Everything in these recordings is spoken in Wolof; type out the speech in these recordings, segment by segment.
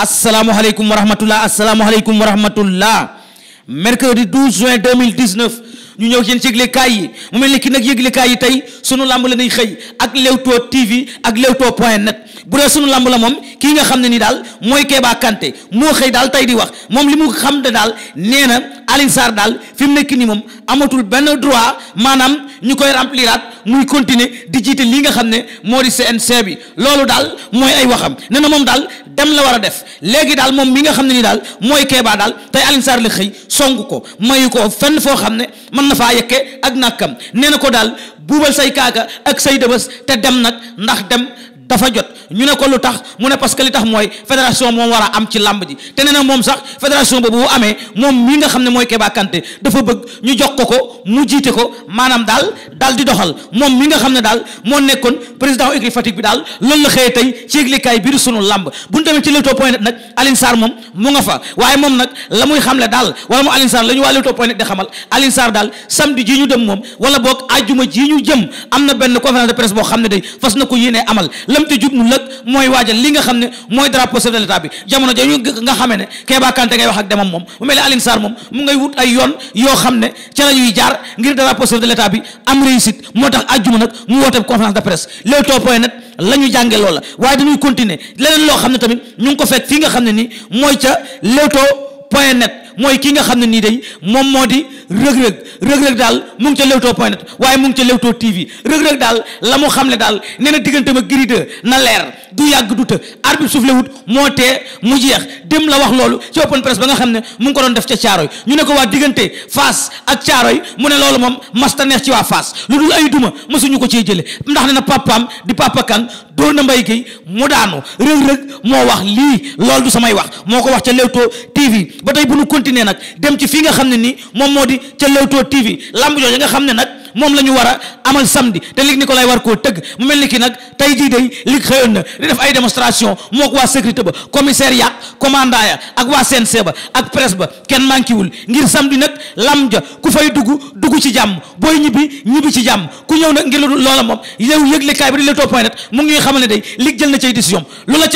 asalaamaaleykum wa rahmatullah asalaamaaleykum wa rahmatullah mercredi 12 juin 2019 ñu ñëw yéen ci yëglekaay yi mu mel ni ki nag yëglekaay yi tey suñu làmb la ñuy xëy ak Leewtoo TV ak Leewtoo point net bu dee suñu làmb la moom kii nga xam ne nii daal mooy Keba Kanté moo xëy daal tey di wax moom li mu xam ne daal nee na Alioune Sarr daal fi mu nekk nii moom amatul benn droit maanaam ñu koy rempliraat muy continuer di jiite li nga xam ne moo di CNG bi loolu daal mooy ay waxam nee na moom daal dem la war a def léegi daal moom mi nga xam ne ni daal mooy keebaa daal tey Alioune Sarr la xëy sonk ko mayu ko fenn foo xam ne mën na faa yekke ak nàkkam nee na ko daal buubal say kaaka ak say dëbës te dem nag ndax dem dafa jot ñu ne ko lu tax mu ne parce que li tax mooy fédération moom war a am ci làmb ji te nee na moom sax fédération boobu bu amee moom mii nga xam ne mooy Keba Kanté dafa bëgg ñu jox ko ko mu jiite ko maanaam daal daal di doxal moom mi nga xam ne daal moo nekkoon président écurie Fatick bi daal loolu la xëyee tey ci yëglikaay biir sunu làmb bu ñu demee ci Leewtoo point net nag Alioune Sarr moom mu nga fa waaye moom nag la muy xamle daal wala mu Alioune Sarr la ñu waa Leewtoo point net di xamal daal samedi ji ñu moom wala boog ajjuma ji ñu jëm am na benn conférence de xam ne day fas na ko yéenee amal lëm te jub nu lëg mooy waajal li nga xam ne mooy drapeau chef de l'état bi jamono ja ñu nga xam ne Keba Kanté ngay wax ak demam moom mu mel ne Alioune moom mu ngay wut ay yoon yoo xam ne ca la ñuy jaar ngir drapeau chef de l'état bi am réussite moo tax àjjuma nag mu woote conférence de presse Leewtoo point net la ñu jàngee loola waaye dañuy continuer leneen loo xam ne tamit ñu ngi ko fekk fii nga xam ne nii mooy ca Leewtoo point net mooy kii nga xam ne nii day moom moo di rëg-rëg rëg-rëg daal mu ngi ca Leewtoo point net waaye mu ngi ca Leewtoo TV rëg-rëg daal la mu xam ne daal nee na diggante ma Gris 2 na leer du yàgg du të arbitre soufflé wut moo tee mu jeex dem la wax loolu ci open press ba nga xam ne mu ngi ko doon def ca Caaroy ñu ne ko waa diggante Fass ak Caaroy mu ne loolu moom masta neex ci waa Fass lu dul ay duma mësuñu ko cee jële ndax ne na papaam di papa kan dóor na mbay kay mu daanu rëg-rëg moo wax lii loolu du samay moo ko wax ca Leewtoo TV ba tey bu ñu continuer nag dem ci fii nga xam ne bi ca Leewtoo TV lamb jooju nga xam ne nag moom la ñu war a amal samedi te Luc Nicolaï war koo tëgg mu mel ni ki nag tey jii day Luc xëyoon na di def ay démonstration moo ko waa sécurité ba commissaire ya commandant ya ak waa CNG ba ak presse ba kenn manquéwul ngir samedi nag lam ja ku fay dugg dugg ci jàmm booy ñibbi ñibbi ci jàmm ku ñëw nag ngir loola moom yow yëglekaay bi di Leewtoo point mu ngi ñuy xamal ne day Luc jël na cay décision loola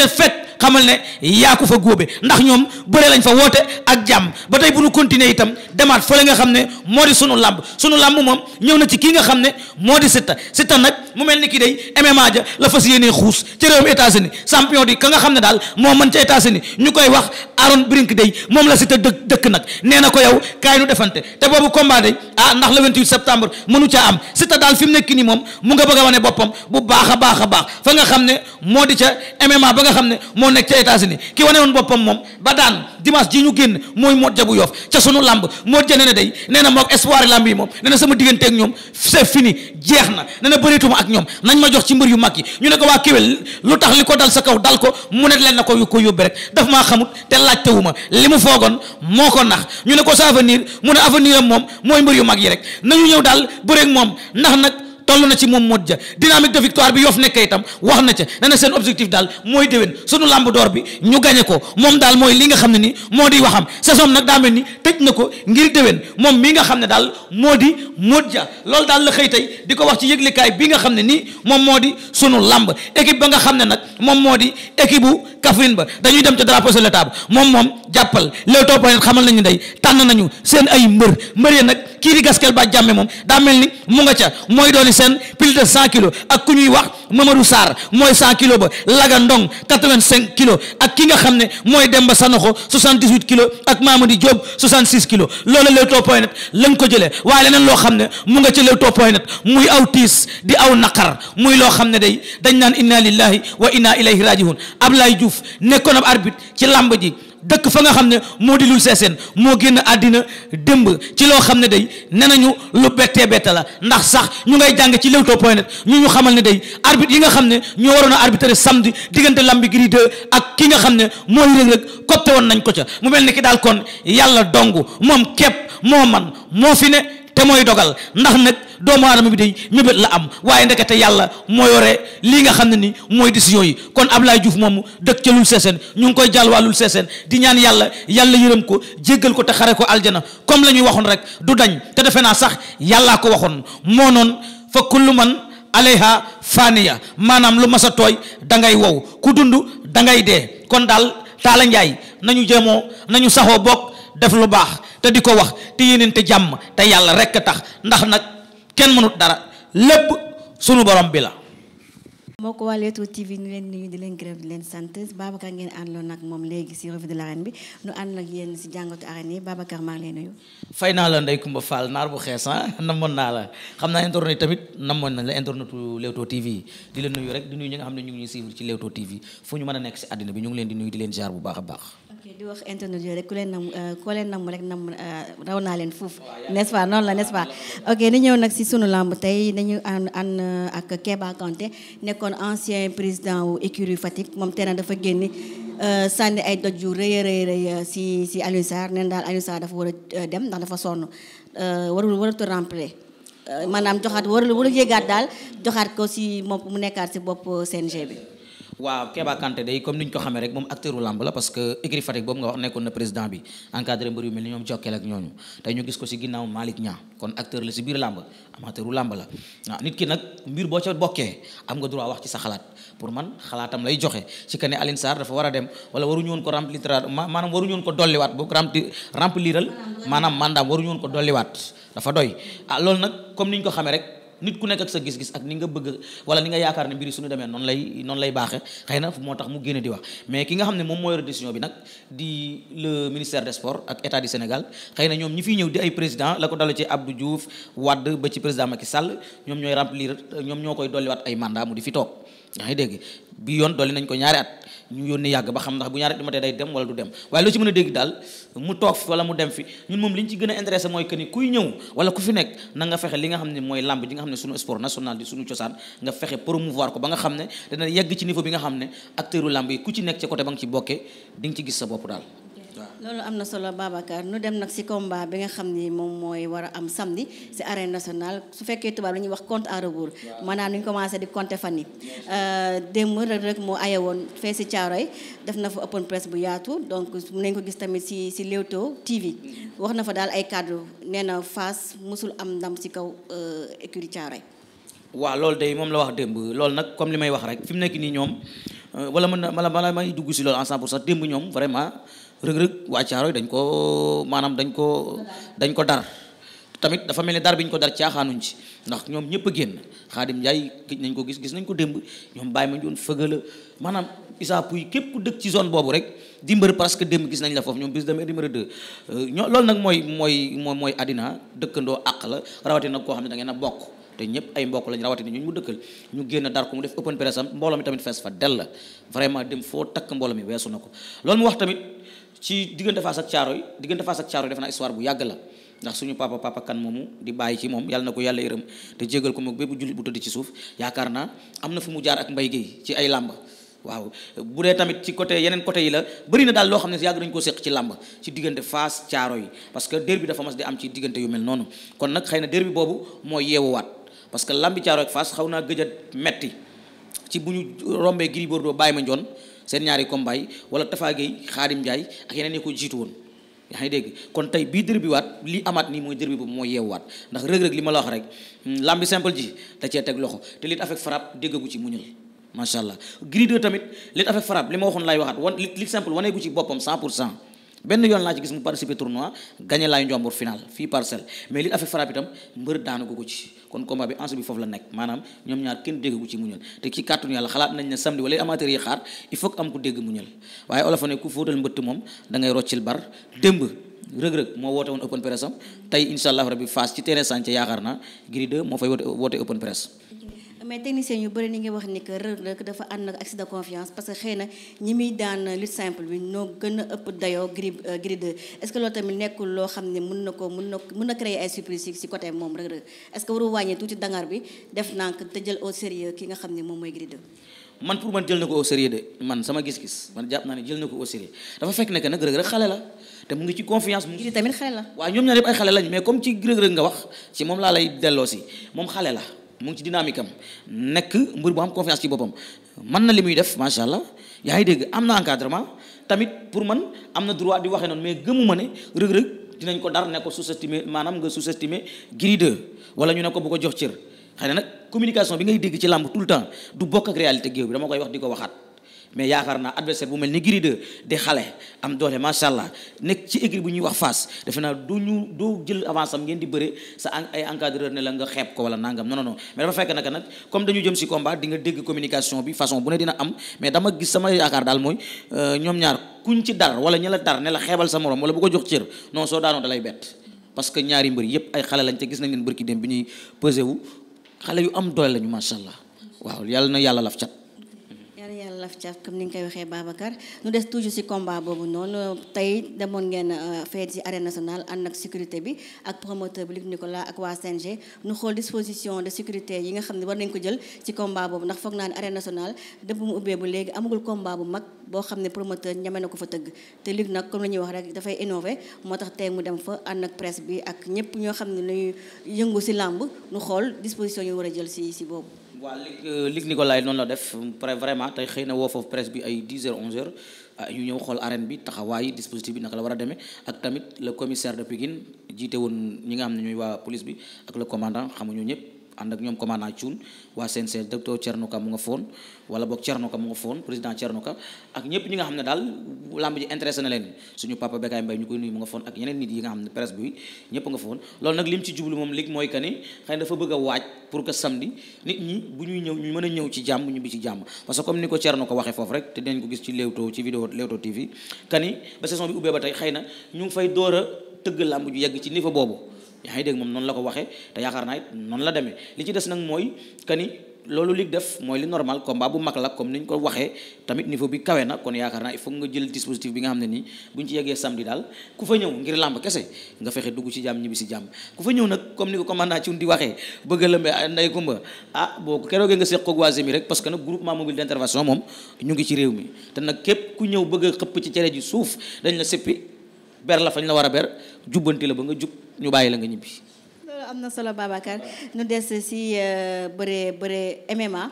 xamal ne yaa ko fa góobe ndax ñoom bëre lañ fa woote ak jàmm ba tey bu ñu continuer itam demaat fële nga xam ne moo di sunu làmb sunu làmb moom ñëw na ci kii nga xam ne moo di Siteu Siteu nag mu mel ni ki day MMA ja la fas yéenee xuus ca réewum États-Unis champion di ka nga xam ne daal moo mën ca États-Unis ñu koy wax Aaron Brink day moom la Siteu dëkk dëkk nag nee na ko yow kaay nu defante te boobu combat day ah ndax le 28 septembre mënu caa am Siteu daal fi mu nekk nii moom mu nga bëgg a wane boppam a baax a baax fa nga xam moo di ca MMA ba ñoo nekk ca États-Unis ki wane woon boppam moom ba daan dimanche ji ñu génn mooy Modou Dia bu Yoff ca sunu lamb Modou Dia nee na day nee na mook espoir lamb yi moom nee na sama diggante ak ñoom c'est fini jeex na nee na nañ ma jox ci mbër yu mag yi ñu ne ko waa Kewel lu tax li ko dal sa kaw dal ko mu ne leen na ko yu ko yóbbe rek daf maa xamut te laajte wu ma li mu foogoon moo ko nax ñu ne ko sa avenir mu ne avenir moom mooy mbër yu mag yi rek nañu ñëw daal bëreeg moom ndax nag toll na ci moom mot ja dynamique de victoire bi Yoff nekkee itam wax na ca nee na seen objectif daal mooy déwén sunu làmb door bi ñu gañe ko moom daal mooy li nga xam ne ni moo di waxam saison nag daa mel ni tëj na ko ngir déwén moom mi nga xam ne daal moo di mot ja loolu daal la xëy tey di ko wax ci yëglekaay bi nga xam ne nii moom moo di sunu làmb équipe ba nga xam ne nag moom moo di équipe bu Kaffrine ba dañuy dem ca drapeau sur la table moom moom jàppal léegi topp xamal nañu day tànn nañu seen ay mbër mbër nag kii di gaskel ba jàmme moom daa mel mu nga ca mooy dooli seen pile de cent kilos ak ku ñuy wax Mamadou Sarr mooy cent kilo ba Laga Ndong quatre kilos ak ki nga xam ne mooy Demba Sanoxo soixante-dix-huit kilos ak Mamadi Diop soixante-six kilos loolu Leewtoo point net lañ ko jëlee waaye leneen loo xam ne mu nga ca Leewtoo point net muy aw tiis di aw naqar muy loo xam ne day dañ naan inna lillahi wa inna ilayhi rajiun Ablaye Diouf nekkoon ab arbitre ci làmb ji dëkk fa nga xam ne moo di lul seeseen moo génn àddina démb ci loo xam ne day ne nañu lu bettee bette la ndax sax ñu ngay jàng ci Leewtoo point net ñu ñu xamal ne day arbitre yi nga xam ne ñoo waroon a arbitrer samedi diggante lambi gri 2 ak ki nga xam ne mooy Reug Reug coppite woon nañ ko ca mu mel ni ki daal kon yàlla dong moom képp moo man moo fi ne te mooy dogal ndax nag doomu aadama bi day mébét la am waaye ndekete yàlla moo yore lii nga xam ne ni mooy décision yi kon ab Ablaye Diouf moomu dëkk ca lul seeseen ñu ngi koy jàll waa lul seeseen di ñaan yàlla yàlla yërëm ko jéggal ko te xare ko aljana comme la ñuy waxoon rek du dañ te defe naa sax yàllaa ko waxoon moo noon fa kullu man alayha faniya maanaam lu ma sa tooy da ngay wow ku dund dangay dee kon daal taala njaay nañu jéemoo nañu saxoo bokk def baax te di ko wax te yéeneen te jàmm te yàlla rekk tax ndax nag kenn mënut dara lépp sunu borom bi la moo ko waa Leewtoo TV ñu leen di leen di leen sant Babacar ngeen àndoon nag moom léegi ci revue de l'arène bi nu ànd nag yéen ci jàngatu arène yi Babacar maa ngi lay nuyu fay naa la Ndeye Kumba Fall naar bu xees ah namoon naa la xam naa internet yi tamit namoon na la internetu Leewtoo TV di leen nuyu rek di nuyu ñi nga xam ne ñu ngi ñuy suivre ci Leewtoo TV fu ñu mën a nekk ci àddina bi ñu ngi leen di nuyu di baax a di wax internet yooyu rek ku leen nam euh, koo leen nam rek nam euh, raw naa leen foofu n'est-ce pas noonu la n'est-ce pas ok ni ñëw nag si sunu lamb tey dañu ànd ànd euh, ak Kéba Kanté nekkoon ancien président wu écurie Fatick moom tey nag dafa génn sànni ay doj yu rëy a rëy si si Alioune Sarr neen daal Alioune Sarr dafa war a dem ndax dafa sonn warul waratu remplir maanaam joxaat warul warul yéegaat daal joxaat ko si moom mu nekkaat si bopp CNG bi waaw Keba Kanté day comme ni ñu ko xamee rek moom acteur làmb la parce que écurie Fatick boobu nga wax nekkoon na président bi encadré mbër mel ni ñoom jokkeel ak ñooñu tey ñu gis ko si ginnaaw Malick Niang kon acteur la si biir làmb amateur u làmb la waaw nit ki nag mbir boo ca bokkee am nga droit wax ci sa xalaat pour man xalaatam lay joxe si que ne dafa war a dem wala waruñu woon ko remplir maanaam waruñu ko dolliwaat boog remplir rempliral maanaam mandaam waruñu woon ko dolliwaat dafa doy ah loolu nag comme ni ñu ko nit ku nekk ak sa gis-gis ak ni nga bëgg wala ni nga yaakaar ne mbiri suñu demee noonu lay noonu lay baaxee xëy na moo tax mu génne di wax mais ki nga xam ne moom moo yor bi nag di le ministère des sports ak état du Sénégal xëy na ñoom ñi fiy ñëw di ay président la ko dala ci Abdou Diouf Wade ba ci président Macky Sall ñoom ñooy remplir ñoom ñoo koy dolliwaat ay mandat mu di fi toog yaa ngi dégg bi yoon dolli nañ ko ñaari at ñu yónnee yàgg ba xam ndax bu ñaari at du matee day dem wala du dem waaye loo ci mën a dégg daal mu toog fi wala mu dem fi ñun moom li ñu ci gën a intéressé mooy que ni kuy ñëw wala ku fi nekk na nga fexe li nga xam ne mooy làmb ji nga xam ne suñu sport national di suñu cosaan nga fexe promouvoir ko ba nga xam ne dana yegg ci niveau bi nga xam ne acteur u làmb yi ku ci nekk ci côté ba nga ci bokkee di nga ci gis sa bopp loolu am na solo Babacar nu dem nag si mbaa bi nga xam ni moom mooy war a am samedi si arène national su fekkee tubaab la ñuy wax compte à rebours maanaam nu ñu commencé di compter fan euh, démb rek moo aye woon fee si Thiaroye def na fa open press bu yaatu donc mun nañ ko gis tamit si si Leewtoo TV wax na fa daal ay cadre nee na Fass musul am ndam ci kaw euh, écurie Thiaroye waaw loolu de moom la wax démb loolu nag comme li may wax rek fi mu nekk nii ñoom euh, wala mën na wala may dugg si lool en 100 pour cent démb ñoom vraiment rëg-rëg waa dañ ko maanaam dañ ko dañ ko dar tamit dafa mel ni dar bi ñu ko dar caaxaanuñ ci ndax ñoom ñëpp a génn Xaadim Njaay gis nañ ko gis gis nañ ko démb ñoom bàyyi ma joon fëgala maanaam isaa puy képp ku dëkk ci zone boobu rek di mbër parce que démb gis nañ la foofu ñoom bis demee numéro 2 euh, ñoo loolu nag mooy mooy moo mooy àddina dëkkandoo àq la rawatina nag koo xam ne da ngeen a bokk te ñëpp ay mbokk lañ rawatina ñun mu dëkkal ñu génn dar ko mu def open press am mbooloo mi tamit fees fa del la vraiment dem foo takk mbooloo mi weesu na ko ci diggante Fass ak Caaroy diggante Fass ak Caaroy def na histoire bu yàgg la ndax suñu papa papa kan moomu di bàyyi ci moom yàlla na ko yàlla yërëm te jégal ko moom bépp jullit bu tëdd ci suuf yaakaar naa am na fu mu jaar ak mbay géey ci ay làmb waaw bu dee tamit ci côté yeneen côté yi la bëri na daal loo xam ne yàgg nañu ko seq ci làmb ci diggante Fass Caaro yi parce que derby dafa mas di am ci diggante yu mel noonu kon nag xëy na derby boobu moo yeewuwaat parce que làmbi Caaro ak xaw naa gëj a ci bu ñu rombee Gris Bordeaux bàyyi ma njoon seen ñaari combat yi wala Tafa Gueye Xaadim Ndiaye ak yeneen yi ko jiitu woon yaa ngi dégg kon tey bii dër bi waat li amaat nii mooy dër bi boobu mooy waat ndax rëg-rëg li ma la wax rek hmm, lambi simple ji da cee teg loxo te lit avec frappe déggagu ci muñul macha allah Gris 2 tamit lit avec frappe li ma waxoon laay waxaat wan lit waneegu ci boppam 100 pour cent benn yoon laa ci gis mu participer tournoi gagné laay njombour final fii parcelle mais lit avec frappe itam mbër daanu ko ci kon combat bi enjeu bi foofu la nekk maanaam ñoom ñaar kenn dégg ko ci muñal te ci kàttanu yàlla xalaat nañ ne samedi wala yi xaar il faut am ku dégg muñal waaye olofa ne ku fóotal mbëtt moom da ngay bar démb rëg-rëg moo woote woon open press am tey incha allah rabbi Fass ci terrain Santhie yaakaar na Gris 2 moo fay woote open press mais technicien yu bëri ni ngi wax ni que Reug Reug dafa ànd ak excès de confiance parce que xëy na ñi muy daan lutte simple bi noo gën a ëpp dayoo Gris euh, Gris 2 est ce que loolu tamit nekkul loo xam ne mën na ko mën na mën na créer ay surprise si côté moom Reug Reug est ce que waru wàññee tuuti dangar ki nga xam ne moom mooy Gris 2 man pour man jël na ko au man sama gis-gis man jàpp naa ne na ko au sérieux dafa fekk ne que nag Reug xale la te mu ngi ci confiance mu ngi tamit xale la waaw ñoom ñaar yëpp ay xale lañ mais comme ci Reug Reug nga wax ci moom laa lay delloo moom xale la mu ngi ci dynamique am nekk mbër bu am confiance ci boppam mën na li muy def macha allah yaa ngi dégg am na encadrement tamit pour man am na droit di waxee noonu mais gëmuma ne rëg-rëg dinañ ko dar ne ko sous-estimer maanaam nga sous-estimer Gris 2 wala ñu ne ko bu ko jox cër xëy na nag communication bi ngay dégg ci làmb tout le temps du bokk ak réalité géew bi dama koy wax di ko waxaat mais yaakaar naa adversaire bu mel ni Gris 2 di xale am doole macha allah nekk ci écurie bu ñuy wax face defe naa du ñu doo jël avance am ngeen di bëre sa ay encadreur ne la nga xeeb ko wala nangam non non non mais dafa fekk naka nag comme dañu jëm si combat di nga dégg communication bi façon bu ne dina am mais dama gis sama yaakaar daal mooy euh, ñoom ñaar kuñ ci dar wala ña la dar ne la xeebal sa morom wala bu ko jox cër non soo daanoo dalay bett parce que ñaari mbër yépp ay xale lañ te gis nañ leen bërki dem bi ñuy yu am doole lañu macha allah waaw yàlla yàlla laf cat laf caaf comme ni nga koy waxee Babacar nu des toujours ci combat boobu noonu tey demoon ngeen euh, feet ci arène nationale ànd ak sécurité bi ak promoteur bi Luc Nicolas ak waa CNG nu xool disposition de sécurité yi nga xam ne war nañ ko jël ci combat boobu ndax foog naa ne arène nationale dëpp mu ubbee bu léegi amagul combat bu mag boo xam ne promoteur ñame na ko fa tëgg te Luc nag comme la wax rek dafay innover moo tax tey mu dem fa ànd ak bi ak ñëpp ñoo xam ne lañuy yëngu ci làmb nu xool disposition yi war a jël ci ci boobu waa lig euh, lig Nicolay noonu la def vraiment te xëy na woo foofu presse bi ay 10 heures 11 heures ah, ñu ñëw xool arène bi taxawaay dispositif bi naka la war a demee ak tamit le commissaire de Pikine jiite woon ñi nga xam ne ñooy waa police bi ak le commandant xamuñoo ñëpp ànd ak ñoom commandant Thioune waa CNCR docteur Thierno Ka mu nga foon wala boog Thierno Ka mu nga foon président Thierno ak ñëpp ñi nga xam ne daal làmb ji intéressé leen suñu papa Bekaay Mbaye ñu koy nuyu mu nga ne presse bi ñëpp nga foon loolu nag lim ci jublu moom lig mooy que ni xëy a waaj pour que samedi nit ñëw ñu mën a ñëw ci jàmm ñu ci jàmm parce que comme ni ko Thierno Ka waxee foofu rek te dinañ ko gis ci Leewtoo ci bi ba tey xëy na ñu fay door a tëgg làmb yegg ci niveau boobu yaa ngi dégg moom noonu la ko waxee te yaakaar naa it noonu la demee li ci des nag mooy que loolu lig def mooy li normal combat bu mag la comme ni ñu ko waxee tamit niveau bi kawe na kon yaakaar naa il faut nga jël dispositif bi nga xam ne nii bu ñu ci yeggee samedi daal ku fa ñëw ngir làmb kese nga fexe dugg ci jàmm ñibbi si jàmm ku fa ñëw nag comme ni ko commandant ci di waxee bëgg a lëmbe nday kumba ah boo ko keroogee nga seq koog waa mi rek parce que nag groupement mobile d'intervention moom ñu ngi ci réew mi te la ber la fañ la war a ber jubbanti la ba nga jub ñu bàyyi la nga ñibbi. loolu am na solo Babacar ñu des si euh, bëre bëre MMA.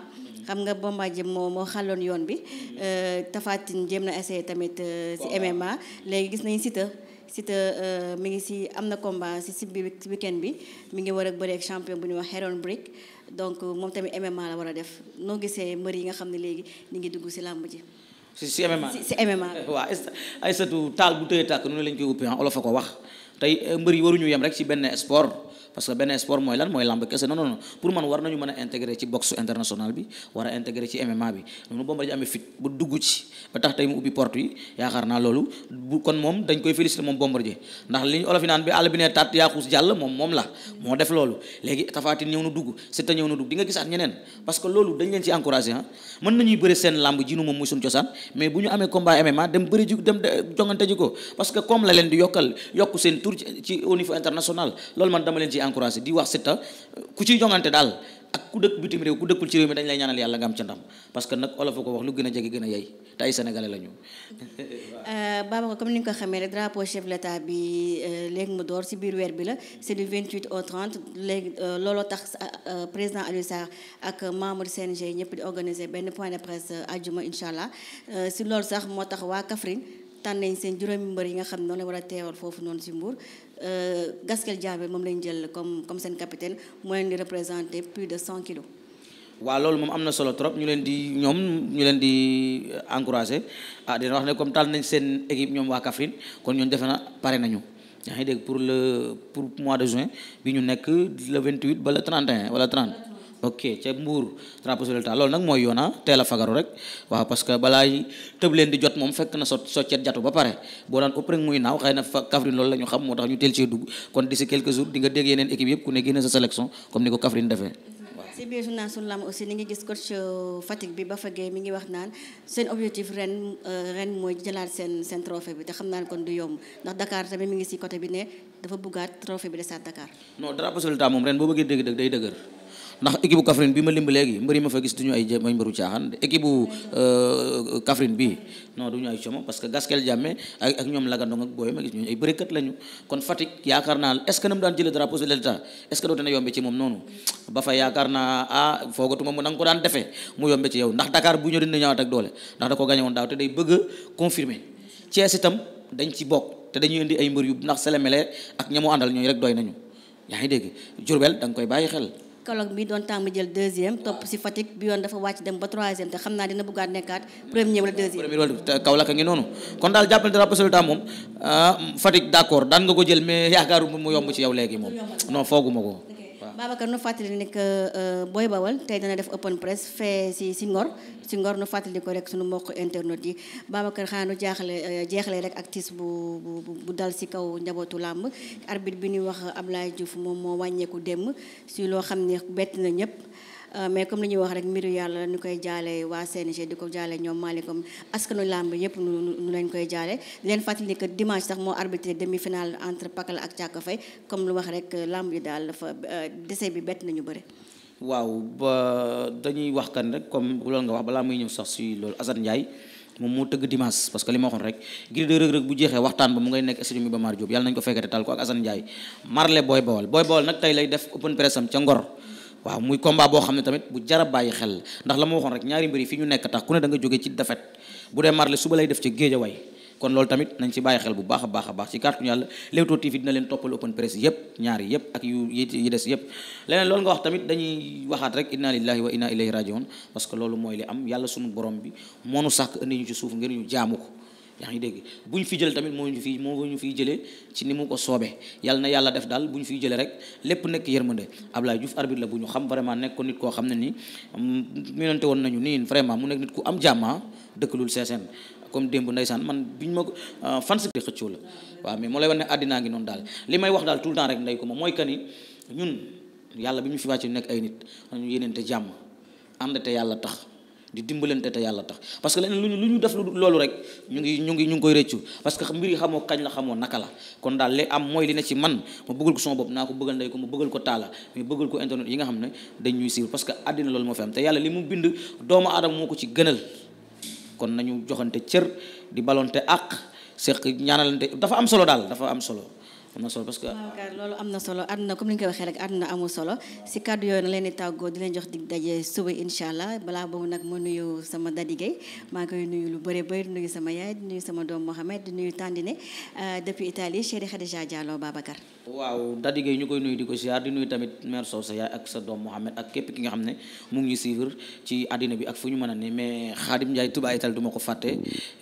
xam nga bomba Bombardier moo moo xàlloon yoon bi mm-hmm. euh, Tapha Tine jéem na essayé tamit euh, si MMA léegi gis nañ Siteu Siteu mu ngi si am na combat si si weekend bi mu ngi war a bëre ak champion bu ñu wax Heron Brick donc moom tamit MMA la war a def noo gisee mbër yi nga xam ne léegi ñu ngi dugg si làmb ji. si si MMA si MMA. waaw ay satu taal bu tëye tàkk noonu lañ koy uppee ah, olof a ko wax tey eh, mbër yi waruñu yem rek ci benn sport. parce que benn sport mooy lan mooy lamb kese non non pour man war nañu mën a intégrer ci boxe international bi war a intégrer ci MMA bi noonu Bombardier amee fit ba dugg ci ba tax tey mu ubbi porte yi yaakaar naa loolu bu kon moom dañ koy féliciter moom Bombardier ah. ji nu moom muy suñu cosaan mais bu ñu amee combat MMA dem bëri ji dem jongante ji ko parce que comme la leen di yokkal yokk seen tour ci au international loolu man dama leen ci ciy encouragé di wax Siteu ku ciy jongante daal ak ku dëkk bitim réew ku dëkkul ci réew mi dañ lay ñaanal yàlla nga am ca ndam parce que nag olof a ko wax lu gën a jege gën a yey te ay sénégalais la ñu. Euh, Babacar comme ni ko xamee rek drapeau chef de l'État bi euh, léegi mu door si biir weer bi la c'est du 28 au 30 léegi euh, looloo tax président Aliou Sarr ak membre CNG ñëpp di organiser benn point de presse àjjuma incha allah si loolu sax moo tax waa Kaffrine. tànn nañ seen juróomi mbër yi nga xam ne noonu la war a teewal foofu noonu si Mbour euh, Gaskel Diabé moom lañ jël comme comme seen capitaine moo leen di représenté plus de cent kilos. waaw loolu moom am na solo trop ñu leen di ñoom ñu leen di encouragé ah dina wax ne comme tànn nañ seen équipe ñoom waa Kaffrine kon ñoom defe na pare nañu. yaa ngi dégg pour le pour mois de juin bi ñu nekk le 28 ba le 31 wala 30. ok ca mbuur drapeau sur loolu nag mooy yoon ah teel a fagaru rek waaw parce que balaay tëb leen di jot moom fekk na sot soccet jatu ba pare boo daan ëpp muy naaw xëy na fa Kaffrine loolu la xam moo tax ñu teel cee dugg kon d'ici quelques jours di nga dégg yeneen équipe yëpp ku ne génne sa sélection comme ni ko Kaffrine defee si biir journal sunu lamb aussi ni ngi gis coach euh, Fatick bi Bafa Gueye mi ngi wax naan seen objectif ren euh, ren mooy jëlaat seen seen trophée bi te xam naa ne kon du yomb ndax Dakar tamit mi ngi si bi ne dafa bëggaat trophée bi de moom ren boo bëggee dëgg dëgg day ndax équipe bu Kaffrine bi ma limb léegi mbër yi ma fa gis duñu ay jëm ay mbëru caaxaan euh, bi non duñu ay coomo parce que Gaskel Jàmme ak ak ñoom lagandong ak booy ma gis Fatick yaakaar naa est-ce que na mu daan jëlee drapeau de l'État est-ce que doo dana yombe ci noonu ba fa yaakaar naa ah foogatuma mu na ko daan defee mu yombe ci yow ndax dakaar bu ñëw dina ñëwaat ak doole ndax da ko gagné woon daaw te day bëgg a confirmer itam dañ ci bokk te dañu indi ay mbër yu ndax selemele ak ñamu àndal ñooñu rek doy nañu yaa ngi dégg Diourbel da nga koy bàyyi xel Kaolack bi doon tàmm jël deuxième topp si Fatick bi yoon dafa wàcc dem ba troisième te xam naa dina bëggaat nekkaat premier wala deuxième. premier wala Kaolack a ngi noonu kon daal jàppale drapeau soldat moom ah, Fatick d'accord daan nga ko jël mais yaakaaru mu yomb ci yow léegi moom non fooguma ko. Babacar nu fàttali ni que euh, Boy Bawal tey dana def open press fee si si Ngor si Ngor nu fàttali ko rek suñu mbokk internet yi Babacar xanaa nu jaaxle euh, jeexale rek actrice bu bu bu dal si kaw njabootu làmb arbitre bi ñuy wax ab Ablaye Diouf moom moo wàññeeku démb si loo xam ne bett na ñëpp. Euh, mais comme li ñuy wax rek mbiru yàlla ñu koy jaale waa CNG di ko jaale ñoom maalikom askanu làmb yëpp nu lañ koy jaale di leen fàttali que dimanche sax moo arbitré demi-finale entre Pakal ak Thiaka Faye comme lu wax rek euh, làmb yi daal dafa euh, décès bi bett nañu bëri waaw ba dañuy wax kan rek comme loolu nga wax balaa muy ñëw sax si loolu Assane Ndiaye moom moo tëgg dimanche parce que li ma waxoon rek Gris de Reug bu jeexee waxtaan ba mu ngay nekk studio bi ba Mar Diop yàlla nañu ko fekkete tey lay def open press am ca Ngor waaw muy combat boo xam ne tamit bu jara bàyyi xel ndax la ma waxoon rek ñaari mbir yi fi ñu nekk tax ku ne da nga jóge ci defet bu dee marle suba lay def ci géejawaay kon loolu tamit nañ ci bàyyi xel bu baax a baax a baax ci kàttu yàlla Leewtoo TV dina leen toppal open press yépp ñaari yépp ak yu yi des yépp leneen loolu nga wax tamit dañuy waxaat rek inna lillahi wa inna ilayhi rajiun parce que loolu mooy li am yàlla sunu borom bi moonu sàkk indi ñu ci suuf ngir ñu jaamu ko yaa ngi dégg bu ñu fi jëlee tamit moo ñu fi moo ñu fiy jëlee ci ni mu ko soobee yàlla na yàlla def daal bu ñu fiy jëlee rek lépp nekk yërmande Ablaye Diouf arbitre la bu ñu xam vraiment nekk ko nit koo xam ne ni minante woon nañu nii vraiment mu nekk nit ku am jàmma ah, dëkkalul seeseen comme démb ndeysaan man biñ ma ko ah, fans bi xëccoo la waaw mais moo lay wax ne àddinaa ngi noonu daal li may wax daal tout le temps rek ndey ko ma mooy que ni ñun yàlla bi ñu fi wàcce nekk ay nit ñu yéneente jàmm di dimbalante te yàlla tax parce que leneen lu ñu lu loolu rek ñu ngi ñu ngi ñu ngi koy rëccu parce que mbir yi xamoo kañ la xamoo naka la kon daal li am mooy li ne ci man ma bëggal ko sama bopp naa ko bëggal ndey ko ma bëggal ko taala mais bëggal ko internet yi nga xam ne dañ ñuy siiw parce que àddina loolu moo fi am te yàlla li mu bind doomu aadama moo ko ci gënal kon nañu joxante cër di baloonte àq seq ñaanalante dafa am solo daal dafa am solo am na solo parce loolu am na solo àdduna comme ni nga ko waxee rek àdduna amul solo si kàddu yooyu na leen di tàggoo di leen jox dig daje suba incha allah ba boobu nag ma nuyu sama dadigay maa ngi koy nuyu lu bëre bëri di nuyu sama yaay di nuyu sama doom Mohamed di nuyu Tandine euh, depuis Italie chéri Khadija Diallo Babacar. waaw dadigay ñu koy nuyu di ko ziar di nuyu tamit mère Sow sa yaay ak sa doom Mohamed ak képp ki nga xam ne mu ngi suivre ci àddina bi ak fu ñu mën a ne mais Khadim Ndiaye Touba Italie du ma ko fàtte.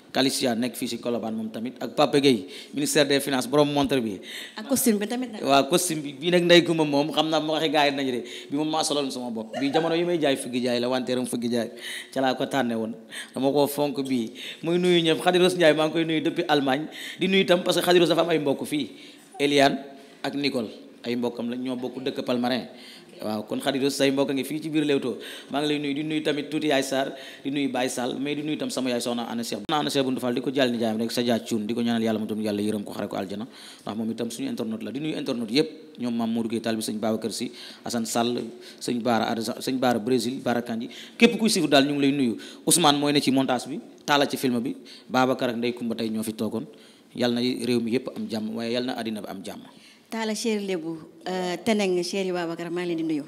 Kalicia nekk fii si Colobane moom tamit ak Papa Gueye ministère des finances borom montre bi. ak costume bi tamit nag. waaw costume bi bii nag ndey Kumba moom xam naa ma waxee gars yi nañu de bi moom maa soloon sama bopp bi jamono yi may jaay fëgg jaay la wanteeram fëgg jaay ca ko tànne woon dama ko fonk bii muy nuyu ñëpp Khadiros Ndiaye maa ngi koy nuyu depuis Allemagne di nuyu itam parce que Khadiros dafa am ay mbokk fii Eliane ak Nicole ay mbokkam la ñoo bokk dëkk Palmarin waaw kon xaritu say mbokk ngi fii ci biir Leewtoo maa ngi lay nuyu di nuyu tamit tuuti yaay Sarr di nuyu Baye Sall mais di nuyu tam sama yaay soxna Anna Cheikh Anna di ko jàll ni jaayam rek sa jaa cuun di ko ñaanal yàlla mu tam yàlla yërëm ko xare ko aljana ndax moom itam suñu internet la di nuyu internet yépp ñoom maam Modou Gueye Talib sëñ Babacar Sy Assane Sall sëñ Baara Ad Baara Brésil Baara képp kuy suivre daal ñu ngi lay nuyu Ousmane mooy ne ci montage bi Talla ci film bi Kumba tey ñoo fi toogoon yàlla na réew mi yépp jàmm waaye yàlla na bi am jàmm taala Talla chéri Lébu euh, Teneng chéri Babacar maa ngi leen di nuyu.